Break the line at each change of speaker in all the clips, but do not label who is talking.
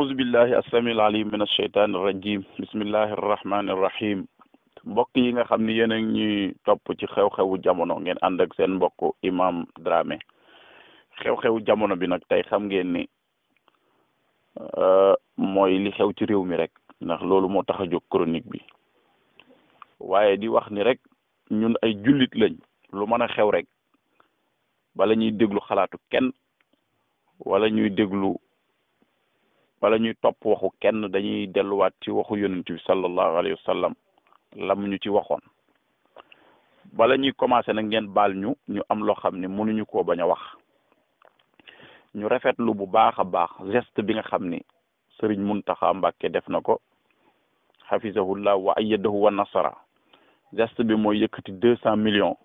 auzu billahi assamil alim min asheytaan irrajim bismillahi arrahmani irrahim mbokk yi nga xam ne yéen a ñuy topp ci xew-xewu jamono ngeen ànd ak seen mbokk imam Dramé xew-xewu jamono bi nag tey xam ngeen ni euh, mooy li xew ci réew mi rek ndax loolu moo tax a jóg chronique bi waaye di wax ni rek ñun ay jullit lañ lu mën a xew rek bala ñuy déglu xalaatu kenn wala ñuy déglu wala ñuy topp waxu kenn dañuy delluwaat ci waxu yonent bi sallallahu alayhi wa sallam lam ñu ci waxoon bala ñuy commencé nag ngeen baal ñu ñu am loo xam ne mënuñu ko bañ a wax ñu rafetlu bu baax a baax geste bi nga xam ni sëriñ Muntaxa Mbàkke def na ko xafisahullah wa ayyadahu wa nasara geste bi mooy yëkkati deux cent millions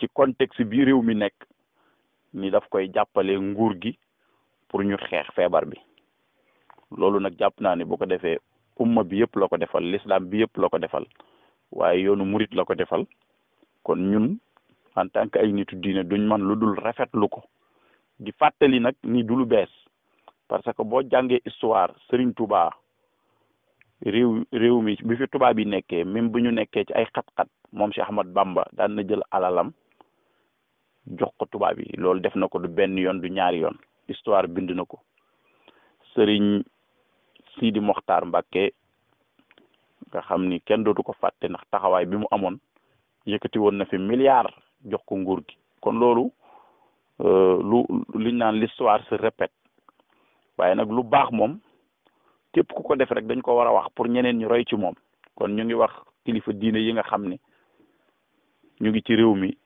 ci contexte bi réew mi nekk ni daf koy jàppale nguur gi pour ñu xeex feebar bi loolu nag jàpp naa ne boo ko defee umma bi yëpp la ko defal l'islam bi yëpp la ko defal waaye yoonu murit la ko defal kon ñun en tant que ay nitu diine duñ man lu dul rafetlu ko di fàttali nag ni du lu bees parce que boo jàngee histoire sëriñ Touba réew réew mi bi fi tubaab yi nekkee même bu ñu nekkee ci ay xat-xat moom Cheikh Ahmad bàmba daan na jël alalam jox ko tubaab yi loolu def na ko du benn yoon du ñaari yoon histoire bind na ko Serigne di Mokhtar Mbacke nga xam ni kenn dootu ko fàtte ndax taxawaay bi mu amoon yëkkati woon na fi milliard jox ko nguur gi kon loolu euh, lu liñ naan l'histoire se répète waaye nag lu baax moom képp ku ko def rek dañ ko war a wax pour ñeneen ñu roy ci moom kon ñu ngi wax kilifa diine yi nga xam ni ñu ngi ci réew mi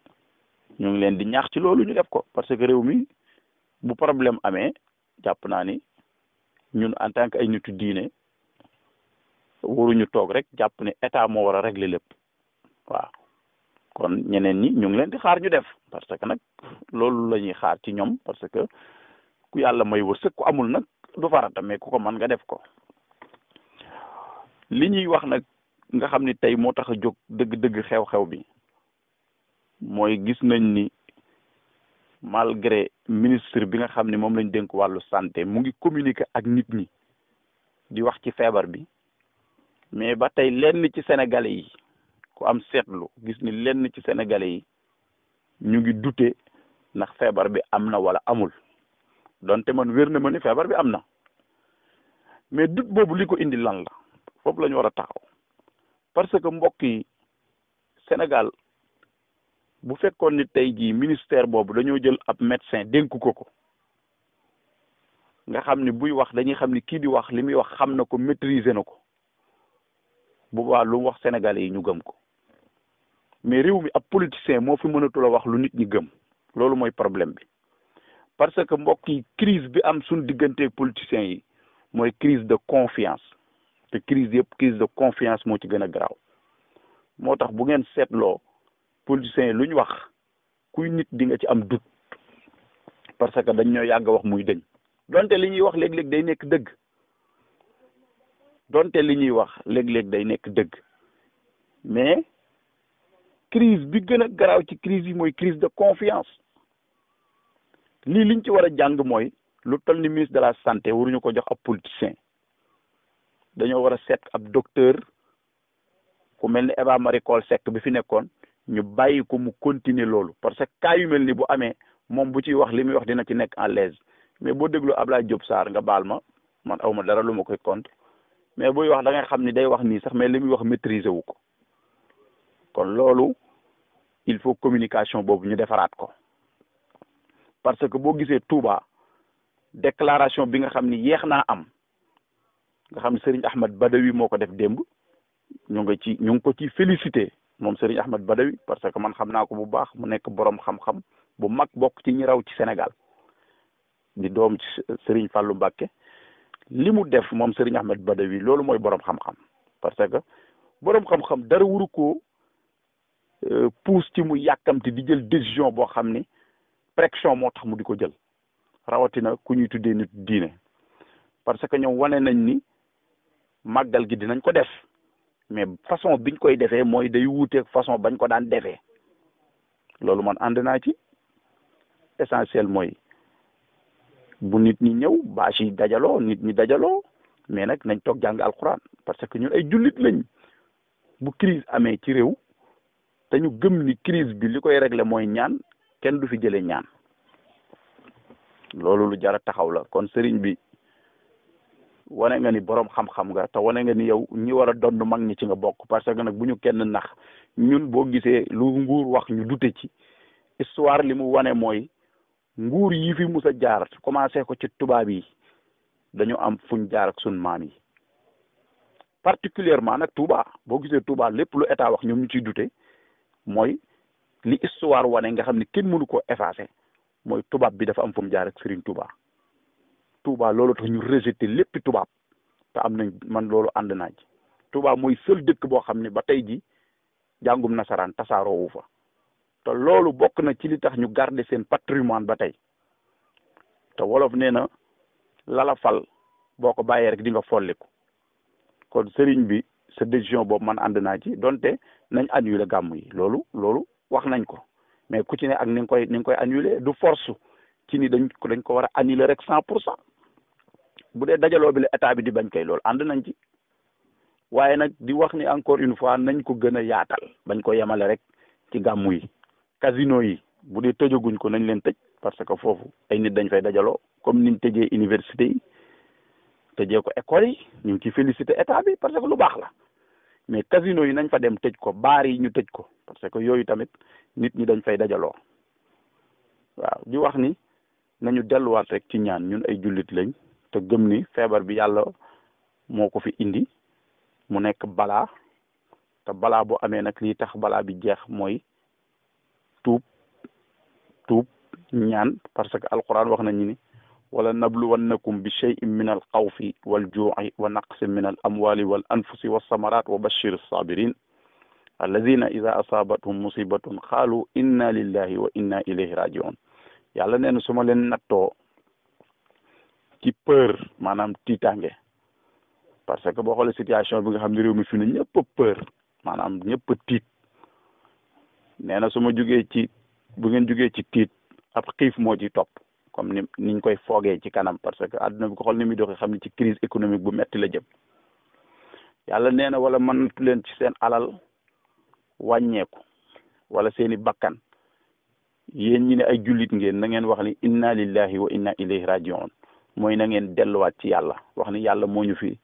ñu ngi leen di ñaax ci loolu ñu def ko parce que réew mi bu problème amee jàpp naa ni ñun en tant que ay nitu diine waruñu toog rek jàpp ne état moo wara réglé lépp waaw kon ñeneen ñi ñu ngi leen di xaar ñu def parce que nag loolu la ñuy xaar ci ñoom parce que ku yàlla may wërsëg ku amul nag du farata mais ku ko man nga def ko li ñuy wax nag nga xam ni tey moo tax a jóg dëgg-dëgg xew-xew bi mooy gis nañ ni malgré ministre bi nga xam ne moom lañ dénk wàllu santé mu ngi communiquer ak nit ñi di wax ci feebar bi mais ba tey lenn ci sénégalais yi ku am seetlu gis ni lenn ci sénégalais yi ñu ngi dute ndax feebar bi am na wala amul donte man wér na man ni feebar bi am na mais dut boobu li ko indi lan la foofu lañu ñu war a taxaw parce que mbokk yi Sénégal bu fekkoon ni tey jii ministère boobu dañoo jël ab médecin dénk ko ko nga xam ni buy wax dañuy xam ni kii di wax li muy wax xam na ko maîtriser na ko bu baax lu wax sénégalais yi ñu gëm ko mais réew mi ab politicien moo fi mënatul a wax lu nit ñi gëm loolu mooy problème bi parce que mbokk yi crise bi am suñ digganteeg politiciens yi mooy crise de confiance te crise yëpp crise de confiance moo ci gën a garaaw moo tax bu ngeen seetloo politiciens yi lu ñu wax kuy nit di nga ci am dut parce que dañ ñoo yàgg wax muy dëñ donte li ñuy wax léeg-léeg day nekk dëgg donte li ñuy wax léeg-léeg day nekk dëgg mais crise bi gën a garaaw ci crise yi mooy crise de confiance lii liñ ci war a jàng mooy lu toll ni ministre de la santé waruñu ko jox ab politicien dañoo war a seet ab docteur ku mel ni Eva Marie Coll Seck bi fi nekkoon ñu bàyyi ko mu continuer loolu parce que cas yu mel ni bu amee moom bu ciy wax li muy wax dina ci nekk en les mais boo déglu Ablaye Diop saar nga baal ma man awma dara lu ma koy contre mais buy wax dangay xam ni day wax nii sax mais li muy wax maîtriser wu ko kon loolu il faut communication boobu ñu defaraat ko parce que boo gisee Touba déclaration bi nga xam ni yeex naa am nga xam ni Serigne Ahmad Badawi moo ko def démb ñu nga ci ñu ngi ko ci félicité moom Serigne Ahmed Badawi parce que man xam naa ko bu baax mu nekk borom xam-xam bu mag bokk ci ñi raw ci senegal di doom ci Serigne Fallou Mbacké li mu def moom Serigne Ahmed Badawi loolu mooy borom xam-xam parce que boroom xam-xam dara wuru ko euh, pousse ci mu yàkkamti di jël décision boo xam ni pression moo tax mu di ko jël rawatina ku ñuy tuddee nit diine parce que ñëw wane nañ ni màggal gi dinañ ko def. mais façon biñ koy defee mooy day wuuteeg façon bañ ko daan defee loolu man ànd naa ci essentiel mooy bu nit ñi ñëw bâche yi dajaloo nit ñi dajaloo mais nag nañ toog jàng alxuraan parce que ñu ay jullit lañ bu crise amee ci réew te ñu gëm ni crise bi li koy régler mooy ñaan kenn du fi jëlee ñaan loolu lu jar a taxaw la kon sëriñ bi wane nga ni boroom xam-xam nga te wane nga ni yow ñi war a donn mag ñi ci nga bokk parce que nag bu ñu kenn nax ñun boo gisee lu nguur wax ñu dute ci histoire li mu wane mooy nguur yi fi mus a jaar commencé ko ci tubaab yi dañu am fuñ jaar ak sun maam yi particulièrement nag Touba boo gisee Touba lépp lu état wax ñoom ñu ciy dute mooy li histoire wane nga xam ne kenn mënu koo effacé mooy tubaab bi dafa am fu mu jaar ak Serigne Touba. Touba loolu tax ñu rejeté lépp tubaab te am nañ man loolu ànd naa tubaab Touba mooy seul dëkk boo xam ne ba tey ji jàngum nasaraan tasaaroo wu fa te loolu bokk na ci li tax ñu garder seen patrimoine ba tey te wolof nee na lala fal boo ko bàyyee rek di nga folliku kon seriñ bi sa décision boobu man ànd naa ci donte nañ annuler gàmm yi loolu loolu wax nañ ko mais ku ci ne ak ni koy ni koy annuler du force ci ni dañ ko dañ ko war a annuler rek cent pour cent bu dee dajaloo bi la état bi di bañ kay loolu ànd nañ ci waaye nag di wax ni encore une fois nañ ko gën a yaatal bañ ko yemale rek ci gàmmu yi casino yi bu dee tëjaguñ ko nañ leen tëj parce que foofu ay nit dañ fay dajaloo comme niñ tëjee université yi tëjee ko école yi ñu ngi ciy état bi parce que lu baax la mais casino yi nañ fa dem tëj ko baar ñu tëj ko parce que yooyu tamit nit ñi dañ fay dajaloo waaw di wax ni nañu delluwaat rek ci ñaan ñun ay jullit lañ te gëm ni feebar bi yàlla moo ko fi indi mu nekk balaa te balaa boo amee nag lii tax balaa bi jeex mooy tuub tuub ñaan parce que alquran wax nañu ni wala nabluwannakum bi cheyin min al xawfi wal juuci wal naqsin min al amwali wal anfusi wa samarat wa bashir sabirin alladina ida asaabathum musibatun qaalu inna lillahi wa inna ilayhi rajiun yàlla nee na su leen nattoo ci peur maanaam tiitange parce que bo xolé situation bi nga xamni ne mi fi ne ñepp peur manam ñepp tiit néna suma su ci bu ngeen jugee ci tiit ab xif mo ci top comme ni niñ koy foggé ci kanam parce que aduna bi ko xol ni mi doxé xamni ci crise économique bu metti la jëm yalla néna wala mënatu leen ci seen alal wàññeeku wala seeni bakkan yen ñi ne ay julit ngeen na ngeen wax ni inna lillahi wa inna ilayhi rajiun mooy na ngeen delluwaat ci yàlla wax ni yàlla moo ñu fi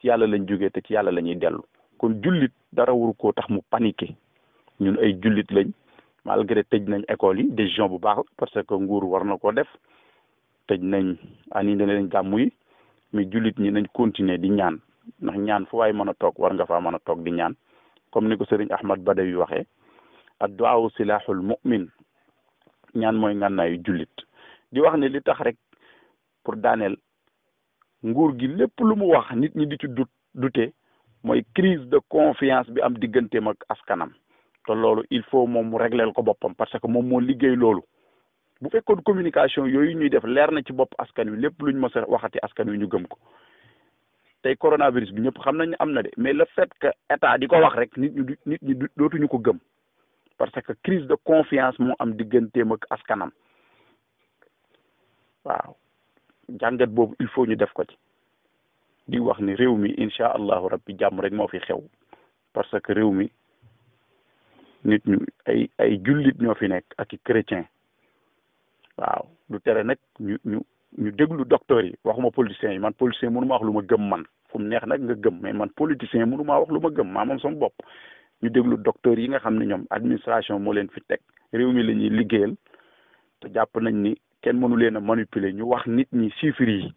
ci yàlla lañ jógee te ci yàlla lañuy dellu kon jullit dara waru koo tax mu paniqué ñun ay jullit lañ malgré tëj nañ école yi décision bu baax parce que nguur war na koo def tëj nañ ah, ani ne leen gàmm yi mais jullit ñi nañ continuer di ñaan ndax ñaan fu waaye mën a toog war nga faa mën a toog di ñaan comme ni ko sëriñ Ahmad Badawi waxee adduwaawu silaaxul mu'min ñaan mooy ngànnaayu jullit di wax ne li pour daaneel nguur gi lépp lu mu wax nit ñi di ci dut dute mooy crise de confiance bi am digganteem ak askanam te loolu il faut moom mu régleel ko boppam parce que moom moo liggéey loolu bu fekkoon communication yooyu ñuy def leer na ci bopp askan wi lépp luñ mës a waxati askan wi ñu gëm ko tey coronavirus bi ñëpp xam nañ ne am na de mais le fait que état di ko wax rek nit ñi nit ñi dootuñu ko gëm parce que crise de confiance moo am digganteem ak askanam waaw jàngat boobu il faut ñu def ko ci di wax ni réew mi incha allahu rabbi jàmm rek moo fi xew parce que réew mi nit ñu ay ay jullit ñoo fi nekk ak i chrétien waaw lu tere nag ñu ñu ñu déglu docteur yi waxuma politiciens yi man politicien mënu ma wax lu ma gëm man fu mu neex nag nga gëm mais man politicien mënu maa wax lu ma gëm maa moom bopp ñu déglu docteur yi nga xam ne ñoom administration moo leen fi teg réew mi la ñuy liggéeyal te jàpp nañ ni ken mënu leen manipuler ñu wax nit ñi chiffre yi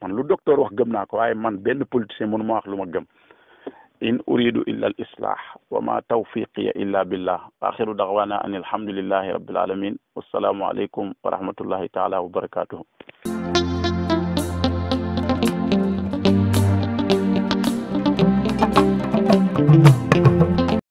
man lu docteur wax gëm naa ko waaye man benn politicien mënu ma wax luma gëm in uridu illa al islah wa ma tawfiqi illa billah axiru da'wana an alhamdulillahi rabbil alamin wassalamu alaykum wa rahmatullahi taala wa barakatuhu